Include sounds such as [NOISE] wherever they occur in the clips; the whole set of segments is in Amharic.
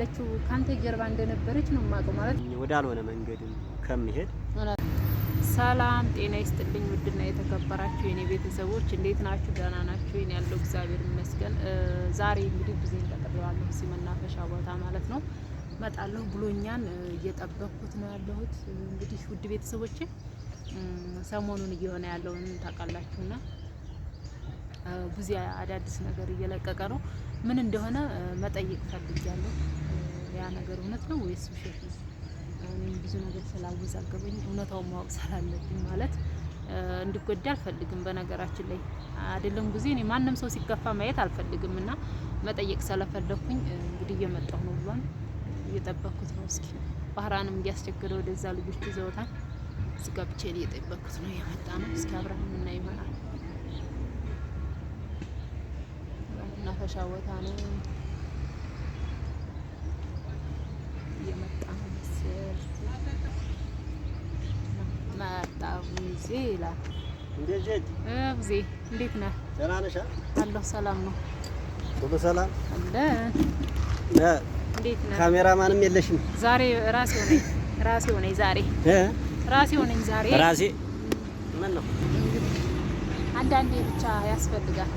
ያለችው ካንተ ጀርባ እንደነበረች ነው የማውቀው። ማለት ወደ አልሆነ መንገድ ከምሄድ ሰላም ጤና ይስጥልኝ። ውድና የተከበራችሁ የኔ ቤተሰቦች እንዴት ናችሁ? ደህና ናችሁ? እኔ ያለው እግዚአብሔር ይመስገን። ዛሬ እንግዲህ ጊዜ እንቀጥለዋለሁ እዚህ መናፈሻ ቦታ ማለት ነው መጣለሁ ብሎኛን እየጠበኩት ነው ያለሁት። እንግዲህ ውድ ቤተሰቦች ሰሞኑን እየሆነ ያለውን ታውቃላችሁና ብዙ አዳዲስ ነገር እየለቀቀ ነው። ምን እንደሆነ መጠየቅ ፈልጊያለሁ። ያ ነገር እውነት ነው ወይስ ውሸት ነው? እኔም ብዙ ነገር ስላወዛገበኝ እውነታውን ማወቅ ስላለብኝ ማለት እንዲጎዳ አልፈልግም። በነገራችን ላይ አይደለም ጊዜ እኔ ማንም ሰው ሲከፋ ማየት አልፈልግም እና መጠየቅ ስለፈለኩኝ እንግዲህ እየመጣሁ ነው ብሏል። እየጠበኩት ነው። እስኪ ባህራንም እያስቸገረ ወደዛ ልጆች ይዘውታል። እዚህ ጋር ብቻዬን እየጠበኩት ነው። እየመጣ ነው። እስኪ አብርሃም እና ይሆናል መናፈሻ ቦታ ነው ይላል። ጊዜ እንዴት ነህ? ደህና ነሽ? አለሁ ሰላም ነው። ሁሉ ሰላም አለ። እንዴት ነህ? ማንም የለሽም ዛሬ? ራሴው ነኝ ራሴው ነኝ ዛሬ ራሴው ነኝ ዛሬ ራሴ። ምን ነው አንዳንዴ ብቻ ያስፈልጋል።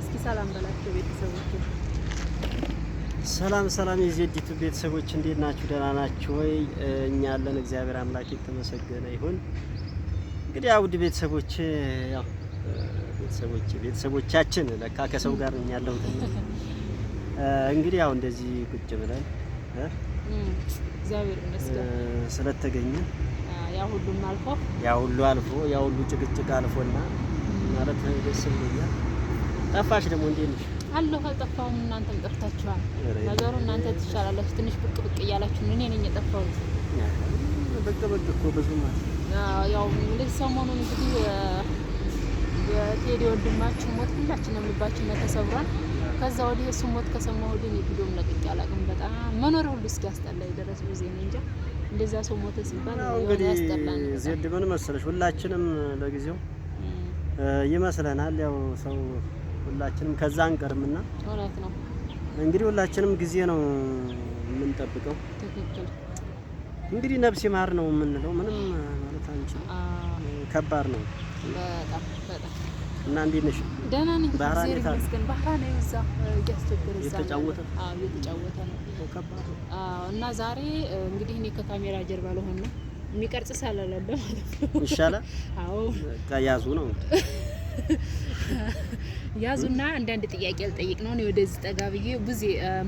እስኪ ሰላም በላቸው ቤተሰቦች ሰላም ሰላም የዜዲቱ ቤተሰቦች እንዴት ናችሁ? ደህና ናችሁ ወይ? እኛ ያለን እግዚአብሔር አምላክ የተመሰገነ ይሁን። እንግዲህ አውድ ቤተሰቦች ያው ቤተሰቦች ቤተሰቦቻችን ለካ ከሰው ጋር እኛ ያለው እንግዲህ ያው እንደዚህ ቁጭ ብለን እግዚአብሔር ስለተገኘ ያ ሁሉም አልፎ ያ ሁሉ አልፎ ያ ሁሉ ጭቅጭቅ አልፎና ማለት ደስ ብሎኛል። ጠፋሽ ደግሞ እንዴት ነሽ? አለሁ አልጠፋሁም። እናንተም ጠፍታችኋል። ነገሩ እናንተ ትሻላላችሁ። ትንሽ ብቅ ብቅ እያላችሁ እኔ ነኝ የጠፋሁት። ብቅ ብቅ እኮ ብዙ ያው እንግዲህ ሰሞኑን እንግዲህ የቴዲ ወንድማችሁ ሞት ሁላችንም ልባችን ተሰብሯል። ከዛ ወዲህ እሱ ሞት ከሰማ ወዲህ እኔ ቪዲዮም ለቅቄ አላውቅም። በጣም መኖር ሁሉ እስኪ ያስጠላ የደረስ ጊዜ ነው እንጃ እንደዛ ሰው ሞተ ሲባል እንግዲህ ዜድ ምን መሰለሽ ሁላችንም ለጊዜው ይመስለናል ያው ሰው ሁላችንም ከዛ አንቀርምና እውነት ነው። እንግዲህ ሁላችንም ጊዜ ነው የምንጠብቀው። ትክክል። እንግዲህ ነብስ ይማር ነው የምንለው። ምንም ማለት አንችልም። ከባድ ነው በጣም በጣም። እና እንዴት ነሽ? ደህና ነኝ እግዚአብሔር ይመስገን። ባህራ ነው ይዛ እያስቸገረ እየተጫወተ አዎ፣ እየተጫወተ ነው። ከባድ ነው። እና ዛሬ እንግዲህ እኔ ከካሜራ ጀርባ ለሆን ነው የሚቀርጽ ሳላለ ማለት ነው። ይሻላል። አዎ፣ ቀያዙ ነው [LAUGHS] ያዙና አንዳንድ ጥያቄ ልጠይቅ ነው። እኔ ወደዚህ ጠጋ ብዬ ብዙ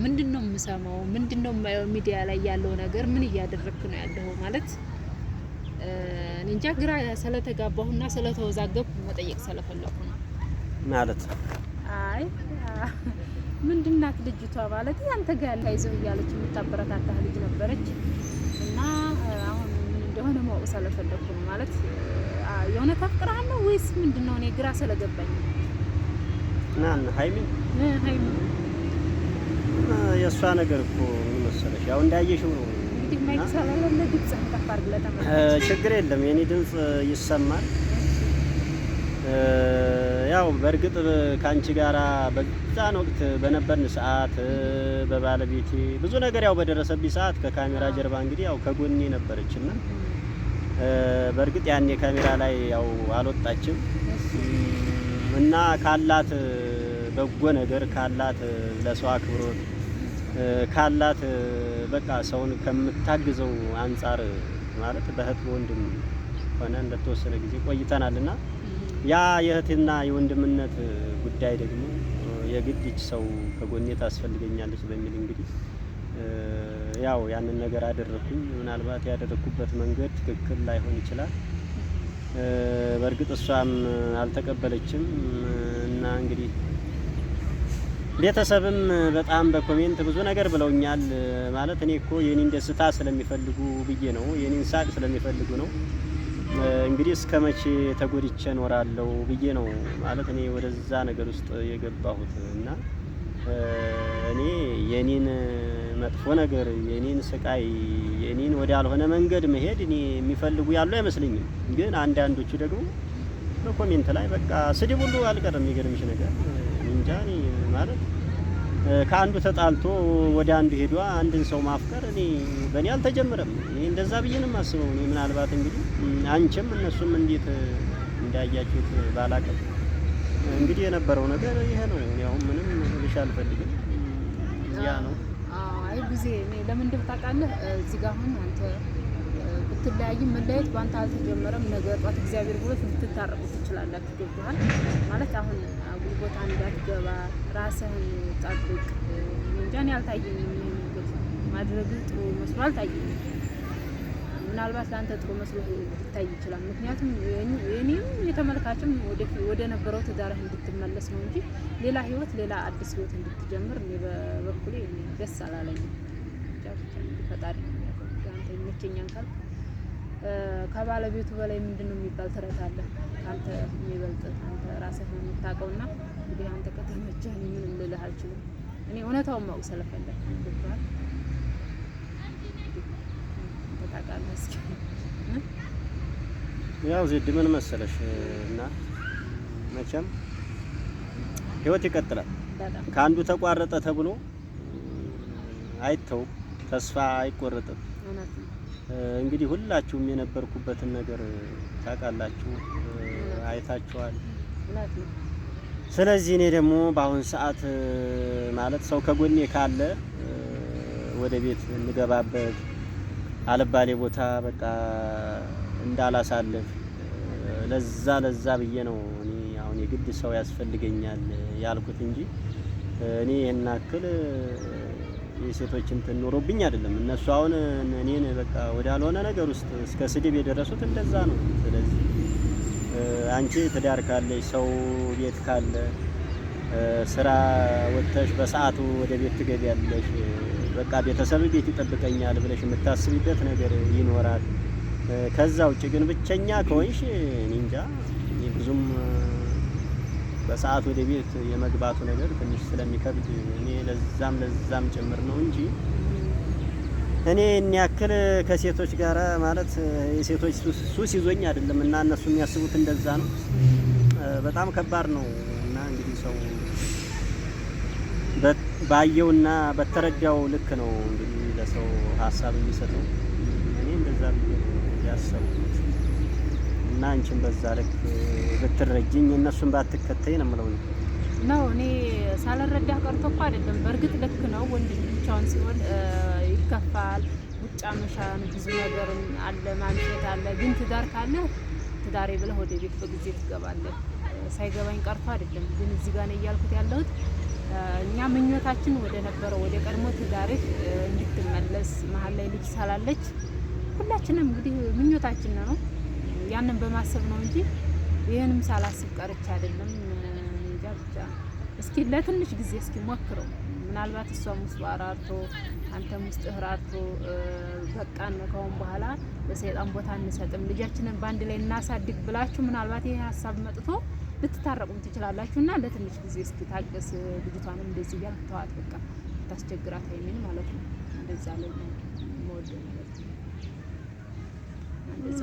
ምንድን ነው የምሰማው፣ ምንድን ነው የማየው፣ ሚዲያ ላይ ያለው ነገር ምን እያደረግክ ነው ያለው ማለት እንጃ፣ ግራ ስለተጋባሁና ስለተወዛገብኩ መጠየቅ ስለፈለኩ ነው ማለት አይ ምንድናት ልጅቷ ማለት ያንተ ጋር ያለ ይዘው እያለች የምታበረታታህ ልጅ ነበረች እና አሁን እንደሆነ ማወቅ ስለፈለኩ ነው ማለት የእውነት አፍቅራህ ነው ወይስ ምንድን ነው? እኔ ግራ ስለገባኝ ማን ሀይሚ የእሷ ነገር እኮ ምን መሰለሽ፣ ያው እንዳየሽው ነው። ችግር የለም የኔ ድምፅ ይሰማል። ያው በእርግጥ ከአንቺ ጋራ በዛን ወቅት በነበርን ሰዓት በባለቤቴ ብዙ ነገር ያው በደረሰብኝ ሰዓት ከካሜራ ጀርባ እንግዲህ ያው ከጎኔ ነበረችና በእርግጥ ያኔ ካሜራ ላይ ያው አልወጣችም እና ካላት በጎ ነገር ካላት ለሰው አክብሮት ካላት በቃ ሰውን ከምታግዘው አንጻር ማለት በእህት በወንድም ሆነ እንደተወሰነ ጊዜ ቆይተናል እና ያ የእህትና የወንድምነት ጉዳይ ደግሞ የግድች ሰው ከጎኔ ታስፈልገኛለች በሚል እንግዲህ ያው ያንን ነገር አደረኩኝ። ምናልባት ያደረኩበት መንገድ ትክክል ላይሆን ይችላል። በእርግጥ እሷም አልተቀበለችም እና እንግዲህ ቤተሰብም በጣም በኮሜንት ብዙ ነገር ብለውኛል። ማለት እኔ እኮ የኔን ደስታ ስለሚፈልጉ ብዬ ነው፣ የኔን ሳቅ ስለሚፈልጉ ነው። እንግዲህ እስከ መቼ ተጎድቼ እኖራለሁ ብዬ ነው ማለት እኔ ወደዛ ነገር ውስጥ የገባሁት እና እኔ የኔን መጥፎ ነገር የኔን ስቃይ የኔን ወደ ያልሆነ መንገድ መሄድ እኔ የሚፈልጉ ያሉ አይመስለኝም። ግን አንዳንዶቹ ደግሞ በኮሜንት ላይ በቃ ስድብ ሁሉ አልቀረም። የሚገርምሽ ነገር እንጃ እኔ ማለት ከአንዱ ተጣልቶ ወደ አንዱ ሄዷ አንድን ሰው ማፍቀር እኔ በእኔ አልተጀመረም። እኔ እንደዛ ብዬ ነው የማስበው። እኔ ምናልባት እንግዲህ አንቺም እነሱም እንዴት እንዳያችሁት ባላቀም እንግዲህ የነበረው ነገር ይሄ ነው። ያው ምንም ልሽ አልፈልግም። ያ ነው። አይ ጊዜ ለምን እንደምታውቃለህ እዚህ ጋር አሁን አንተ ብትለያይ መለያየት በአንተ አልተጀመረም። ነገ ጧት እግዚአብሔር ብሎት ልትታረቁ ትችላላችሁ። ገብቶሃል ማለት አሁን ጉልቦታ እንዳትገባ ራስህን ጠብቅ። እንጃ እኔ አልታየኝም፣ ማድረግ ጥሩ መስሎ አልታየኝም። ምናልባት ለአንተ ጥሩ መስሎ ሊታይ ይችላል። ምክንያቱም የኔም የተመልካችም ወደ ነበረው ትዳርህ እንድትመለስ ነው እንጂ ሌላ ህይወት፣ ሌላ አዲስ ህይወት እንድትጀምር እኔ በበኩሌ ደስ አላለኝም። ፈጣሪ ነው ያንተ ይመቸኛል ካልኩ ከባለቤቱ በላይ ምንድን ነው የሚባል ተረት አለ። አንተ የሚበልጥ አንተ ራስህ ነው የምታውቀው። ና እንግዲህ አንተ ከተመቸህ ምንም ልልህ አልችልም። እኔ እውነታውን ማወቅ ስለፈለግ ይባል ታውቃለህ። እስኪ ያው ዜድ ምን መሰለሽ እና መቼም ህይወት ይቀጥላል። ከአንዱ ተቋረጠ ተብሎ አይተው ተስፋ አይቆረጥም። እንግዲህ ሁላችሁም የነበርኩበትን ነገር ታውቃላችሁ፣ አይታችኋል። ስለዚህ እኔ ደግሞ በአሁን ሰዓት ማለት ሰው ከጎኔ ካለ ወደ ቤት የምገባበት አልባሌ ቦታ በቃ እንዳላሳልፍ ለዛ ለዛ ብዬ ነው እኔ አሁን የግድ ሰው ያስፈልገኛል ያልኩት እንጂ እኔ ይህን አክል የሴቶች እንትን ኖሮብኝ አይደለም። እነሱ አሁን እኔን በቃ ወዳልሆነ ነገር ውስጥ እስከ ስድብ የደረሱት እንደዛ ነው። ስለዚህ አንቺ ትዳር ካለሽ ሰው ቤት ካለ ስራ ወጥተሽ በሰዓቱ ወደ ቤት ትገቢያለሽ። በቃ ቤተሰብ ቤት ይጠብቀኛል ብለሽ የምታስቢበት ነገር ይኖራል። ከዛ ውጭ ግን ብቸኛ ከሆንሽ እኔ እንጃ ብዙም በሰዓት ወደ ቤት የመግባቱ ነገር ትንሽ ስለሚከብድ እኔ ለዛም ለዛም ጭምር ነው እንጂ እኔ እኔ ያክል ከሴቶች ጋር ማለት የሴቶች ሱስ ይዞኝ አይደለም። እና እነሱ የሚያስቡት እንደዛ ነው። በጣም ከባድ ነው። እና እንግዲህ ሰው ባየውና በተረዳው ልክ ነው እንግዲህ ለሰው ሀሳብ የሚሰጠው እኔ እንደዛ ያሰቡ እና አንቺን በዛ ልክ ብትረጅኝ እነሱን ባትከተይ ነው የምለው ነው ነው እኔ ሳልረዳ ቀርቶ እኮ አይደለም። በእርግጥ ልክ ነው። ወንድ ብቻውን ሲሆን ይከፋል፣ ውጫ መሻን፣ ብዙ ነገር አለ፣ ማንሸት አለ። ግን ትዳር ካለ ትዳሬ ብለህ ወደ ቤት በጊዜ ትገባለህ። ሳይገባኝ ቀርቶ አይደለም። ግን እዚህ ጋር ነው እያልኩት ያለሁት እኛ ምኞታችን ወደ ነበረው ወደ ቀድሞ ትዳርህ እንድትመለስ መሀል ላይ ልጅ ሳላለች ሁላችንም እንግዲህ ምኞታችን ነው ያንን በማሰብ ነው እንጂ ይህንም ሳላስብ ቀርቼ አይደለም። እንጃ ብቻ እስኪ ለትንሽ ጊዜ እስኪ ሞክረው። ምናልባት እሷም ውስጥ አራርቶ አንተም ውስጥ ህራርቶ በቃን ከአሁን በኋላ ለሰይጣን ቦታ እንሰጥም፣ ልጃችንን በአንድ ላይ እናሳድግ ብላችሁ ምናልባት ይሄ ሀሳብ መጥቶ ልትታረቁም ትችላላችሁ። እና ለትንሽ ጊዜ እስኪ ታገስ፣ ልጅቷንም እንደዚህ እያልክ ተዋት፣ በቃ ታስቸግራት ሀይሚን ማለት ነው። እንደዛ ላይ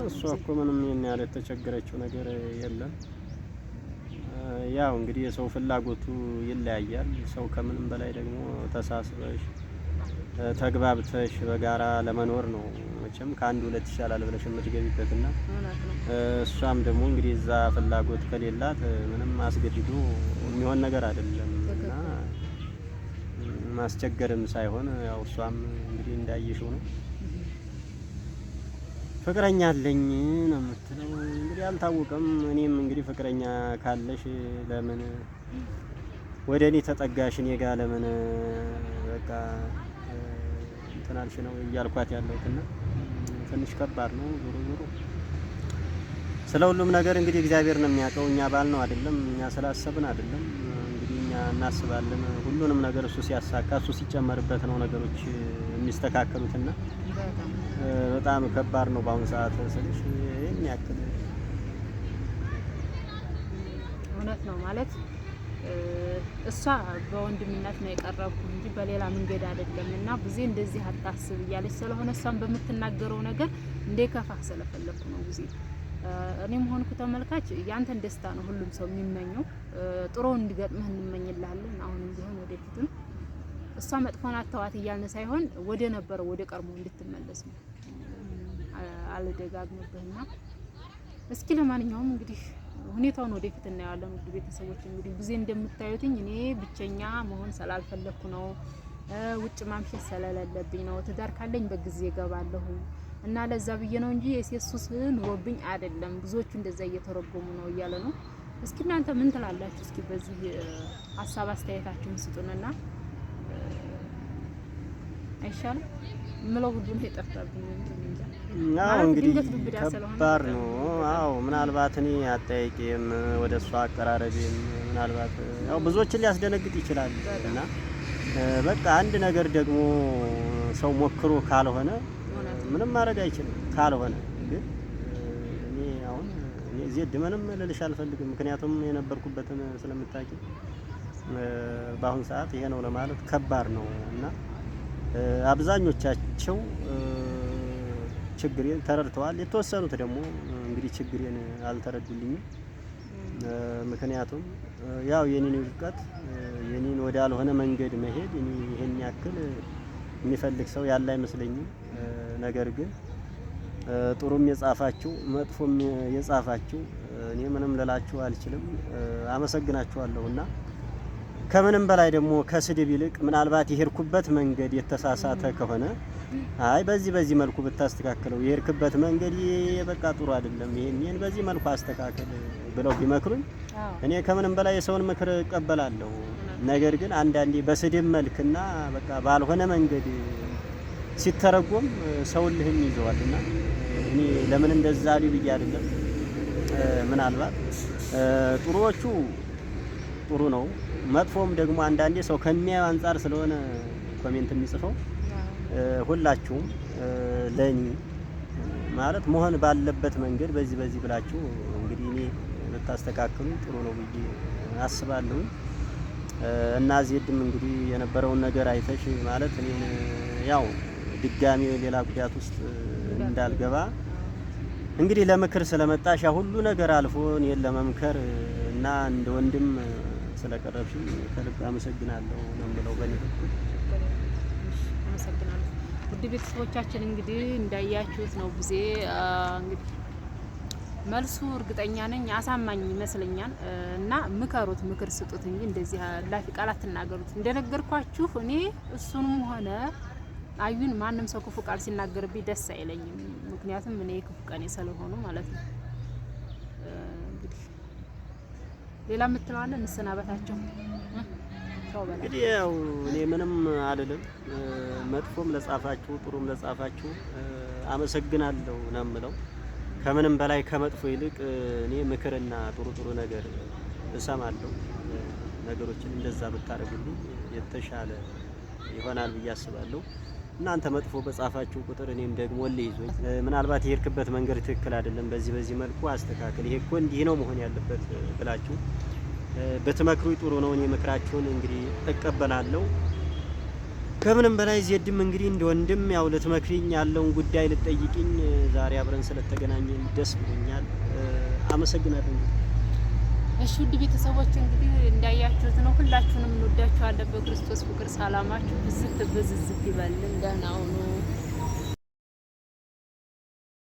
እሷ እኮ ምንም ይሄን ያለ የተቸገረችው ነገር የለም። ያው እንግዲህ የሰው ፍላጎቱ ይለያያል። ሰው ከምንም በላይ ደግሞ ተሳስበሽ ተግባብተሽ በጋራ ለመኖር ነው። መቼም ከአንድ ሁለት ይሻላል ብለሽ የምትገቢበትና እሷም ደግሞ እንግዲህ እዛ ፍላጎት ከሌላት ምንም አስገድዶ የሚሆን ነገር አይደለም እና ማስቸገርም ሳይሆን ያው እሷም እንግዲህ እንዳየሽው ነው ፍቅረኛ አለኝ ነው የምትለው። እንግዲህ አልታወቀም። እኔም እንግዲህ ፍቅረኛ ካለሽ ለምን ወደ እኔ ተጠጋሽ? እኔ ለምን በቃ እንትን አልሽ ነው እያልኳት ያለሁት እና ትንሽ ከባድ ነው። ዞሮ ዞሮ ስለ ሁሉም ነገር እንግዲህ እግዚአብሔር ነው የሚያውቀው። እኛ ባል ነው አይደለም፣ እኛ ስላሰብን አይደለም እናስባለን። ሁሉንም ነገር እሱ ሲያሳካ እሱ ሲጨመርበት ነው ነገሮች የሚስተካከሉትና በጣም ከባድ ነው በአሁኑ ሰዓት ስልሽ ይህን ያክል እውነት ነው ማለት እሷ በወንድምነት ነው የቀረብኩ እንጂ በሌላ መንገድ አይደለም እና ብዙ እንደዚህ አታስብ እያለች ስለሆነ እሷን በምትናገረው ነገር እንደ ከፋ ስለፈለግኩ ነው ጊዜ እኔም ሆንኩ ተመልካች ያንተን ደስታ ነው ሁሉም ሰው የሚመኘው። ጥሩ እንዲገጥምህ እንመኝልሃለን። አሁንም ቢሆን ወደፊትም እሷ መጥፎን አተዋት እያልን ሳይሆን ወደ ነበረው ወደ ቀድሞ እንድትመለስ ነው አልደጋግምብህና እስኪ ለማንኛውም እንግዲህ ሁኔታውን ወደፊት እናየዋለን። ውድ ቤተሰቦች እንግዲህ ጊዜ እንደምታዩትኝ እኔ ብቸኛ መሆን ስላልፈለግኩ ነው፣ ውጭ ማምሸት ስለሌለብኝ ነው። ትዳር ካለኝ በጊዜ እገባለሁ። እና ለዛ ብዬ ነው እንጂ የሴት ሱስ ኑሮብኝ አይደለም። ብዙዎቹ እንደዛ እየተረጎሙ ነው እያለ ነው። እስኪ እናንተ ምን ትላላችሁ? እስኪ በዚህ ሀሳብ አስተያየታችሁን ስጡንና አይሻልም? ምለው እንግዲህ ከባድ ነው። አዎ ምናልባት እኔ አጠያይቄም ወደ እሷ አቀራረቤም ምናልባት ያው ብዙዎችን ሊያስደነግጥ ይችላል እና በቃ አንድ ነገር ደግሞ ሰው ሞክሮ ካልሆነ ምንም ማድረግ አይችልም። ካልሆነ ግን እኔ አሁን ዜድ ምንም ልልሽ አልፈልግም። ምክንያቱም የነበርኩበትን ስለምታውቂ በአሁን ሰዓት ይሄ ነው ለማለት ከባድ ነው እና አብዛኞቻቸው ችግሬን ተረድተዋል። የተወሰኑት ደግሞ እንግዲህ ችግሬን አልተረዱልኝም። ምክንያቱም ያው የኔን እውቀት የኔን ወደ አልሆነ መንገድ መሄድ ይሄን ያክል የሚፈልግ ሰው ያለ አይመስለኝም። ነገር ግን ጥሩም የጻፋችሁ መጥፎም የጻፋችሁ እኔ ምንም ልላችሁ አልችልም፣ አመሰግናችኋለሁ። እና ከምንም በላይ ደግሞ ከስድብ ይልቅ ምናልባት የሄድኩበት መንገድ የተሳሳተ ከሆነ አይ በዚህ በዚህ መልኩ ብታስተካክለው የሄድክበት መንገድ በቃ ጥሩ አይደለም፣ ይሄን ይሄን በዚህ መልኩ አስተካክል ብለው ቢመክሩኝ እኔ ከምንም በላይ የሰውን ምክር እቀበላለሁ። ነገር ግን አንዳንዴ በስድብ መልክና በቃ ባልሆነ መንገድ ሲተረጎም ሰው ልህም ይዘዋል እኔ ለምን እንደዛ ሊ ብዬ አይደለም። ምናልባት ጥሩዎቹ ጥሩ ነው፣ መጥፎም ደግሞ አንዳንዴ ሰው ከሚያየው አንጻር ስለሆነ ኮሜንት የሚጽፈው ሁላችሁም ለኔ ማለት መሆን ባለበት መንገድ በዚህ በዚህ ብላችሁ እንግዲህ እኔ ብታስተካክሉ ጥሩ ነው ብዬ አስባለሁ። እና ዜድም እንግዲህ የነበረውን ነገር አይተሽ ማለት እኔን ያው ድጋሚ ሌላ ጉዳት ውስጥ እንዳልገባ እንግዲህ ለምክር ስለመጣሽ ሁሉ ነገር አልፎ እኔን ለመምከር እና እንደ ወንድም ስለቀረብሽ ከልብ አመሰግናለሁ ነው የምለው። በእኔ በኩል አመሰግናለሁ። ውድ ቤተሰቦቻችን እንግዲህ እንዳያችሁት ነው ጊዜ እንግዲህ መልሱ እርግጠኛ ነኝ አሳማኝ ይመስለኛል። እና ምከሩት፣ ምክር ስጡት እንጂ እንደዚህ ላፊ ቃል አትናገሩት። እንደነገርኳችሁ እኔ እሱንም ሆነ አዩን ማንም ሰው ክፉ ቃል ሲናገርብኝ ደስ አይለኝም። ምክንያቱም እኔ ክፉ ቀኔ ስለሆኑ ማለት ነው። እንግዲህ ሌላ የምትለዋለ እንሰናበታቸው። እንግዲህ ያው እኔ ምንም አልልም። መጥፎም ለጻፋችሁ፣ ጥሩም ለጻፋችሁ አመሰግናለሁ ነው የምለው። ከምንም በላይ ከመጥፎ ይልቅ እኔ ምክርና ጥሩ ጥሩ ነገር እሰማለሁ። ነገሮችን እንደዛ ብታደርጉልኝ የተሻለ ይሆናል ብዬ አስባለሁ። እናንተ መጥፎ በጻፋችሁ ቁጥር እኔም ደግሞ ይዞኝ ምናልባት የሄድክበት መንገድ ትክክል አይደለም፣ በዚህ በዚህ መልኩ አስተካክል፣ ይሄ እኮ እንዲህ ነው መሆን ያለበት ብላችሁ ብትመክሩ ጥሩ ነው። እኔ ምክራችሁን እንግዲህ እቀበላለሁ። ከምንም በላይ ዜድም እንግዲህ እንደ ወንድም ያው ልትመክሪኝ ያለውን ጉዳይ ልትጠይቅኝ ዛሬ አብረን ስለተገናኘን ደስ ብሎኛል። አመሰግናለሁ። እሺ ውድ ቤተሰቦች እንግዲህ እንዳያችሁት ነው። ሁላችሁንም እንወዳችኋለን። በክርስቶስ ፍቅር ሰላማችሁ ብዝት ብዝዝት ይበልን። ደህና ሁኑ።